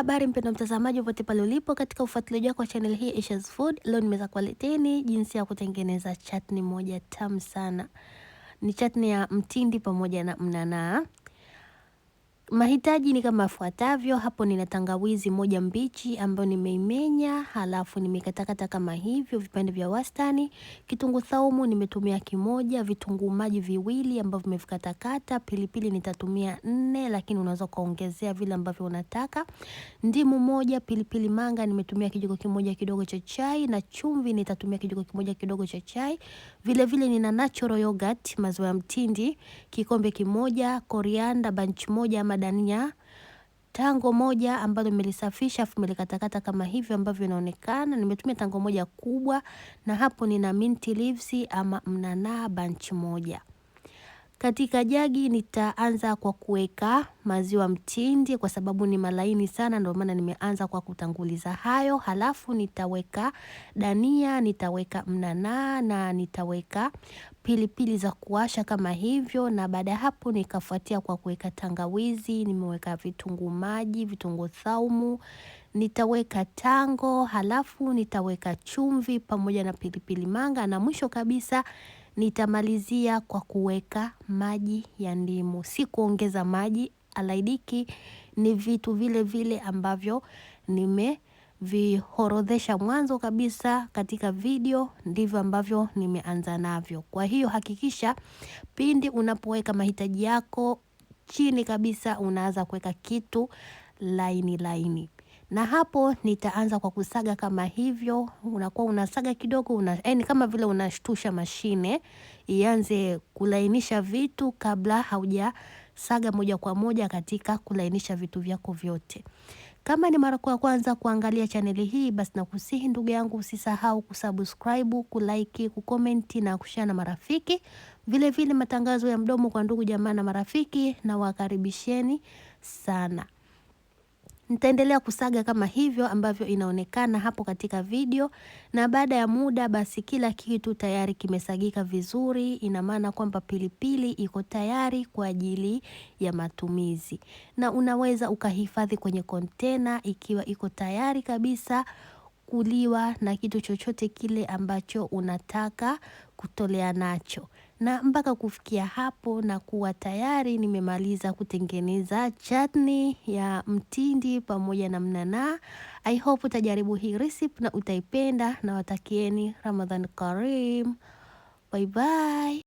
Habari mpendwa mtazamaji, popote pale ulipo katika ufuatiliaji wako wa channel hii Aisha's Food. Leo nimeweza kuwaleteni jinsi ya kutengeneza chatni moja tamu sana. Ni chatni ya mtindi pamoja na mnanaa. Mahitaji ni kama yafuatavyo. Hapo nina tangawizi moja mbichi ambayo nimeimenya, halafu nimekatakata kama hivyo vipande vya wastani. Kitunguu saumu nimetumia kimoja, vitunguu maji viwili ambavyo nimevikatakata, pilipili nitatumia nne, lakini unaweza ukaongezea vile ambavyo unataka. Ndimu moja, pilipili manga nimetumia kijiko kimoja kidogo cha chai na chumvi nitatumia kijiko kimoja kidogo cha chai. Vile vile nina natural yogurt, maziwa ya mtindi, kikombe kimoja, korianda, bunch moja ama dania tango moja ambalo nimelisafisha afu nimekatakata kama hivyo ambavyo inaonekana. Nimetumia tango moja kubwa, na hapo nina mint leaves ama mnanaa bunch moja. Katika jagi nitaanza kwa kuweka maziwa mtindi kwa sababu ni malaini sana, ndio maana nimeanza kwa kutanguliza hayo. Halafu nitaweka dania, nitaweka mnanaa na nitaweka pilipili za kuwasha kama hivyo, na baada ya hapo nikafuatia kwa kuweka tangawizi, nimeweka vitunguu maji, vitunguu saumu, nitaweka tango, halafu nitaweka chumvi pamoja na pilipili manga, na mwisho kabisa Nitamalizia kwa kuweka maji ya ndimu. Si kuongeza maji alaidiki ni vitu vile vile ambavyo nimevihorodhesha mwanzo kabisa katika video ndivyo ambavyo nimeanza navyo. Kwa hiyo hakikisha pindi unapoweka mahitaji yako chini kabisa unaanza kuweka kitu laini laini na hapo nitaanza kwa kusaga kama hivyo. Unakuwa unasaga kidogo una, yani kama vile unashtusha mashine ianze kulainisha vitu kabla haujasaga moja kwa moja katika kulainisha vitu vyako vyote. Kama ni mara ya kwanza kuangalia chaneli hii, basi nakusihi ndugu yangu, usisahau kusubscribe, kulike, kukomenti na kushare na marafiki. Vilevile vile matangazo ya mdomo kwa ndugu jamaa na marafiki, na wakaribisheni sana. Nitaendelea kusaga kama hivyo ambavyo inaonekana hapo katika video, na baada ya muda basi kila kitu tayari kimesagika vizuri. Ina maana kwamba pilipili iko tayari kwa ajili ya matumizi, na unaweza ukahifadhi kwenye kontena ikiwa iko tayari kabisa kuliwa na kitu chochote kile ambacho unataka kutolea nacho na mpaka kufikia hapo na kuwa tayari nimemaliza kutengeneza chatni ya mtindi pamoja na mnanaa. I hope utajaribu hii recipe na utaipenda, na watakieni Ramadhan Karim. Bye bye.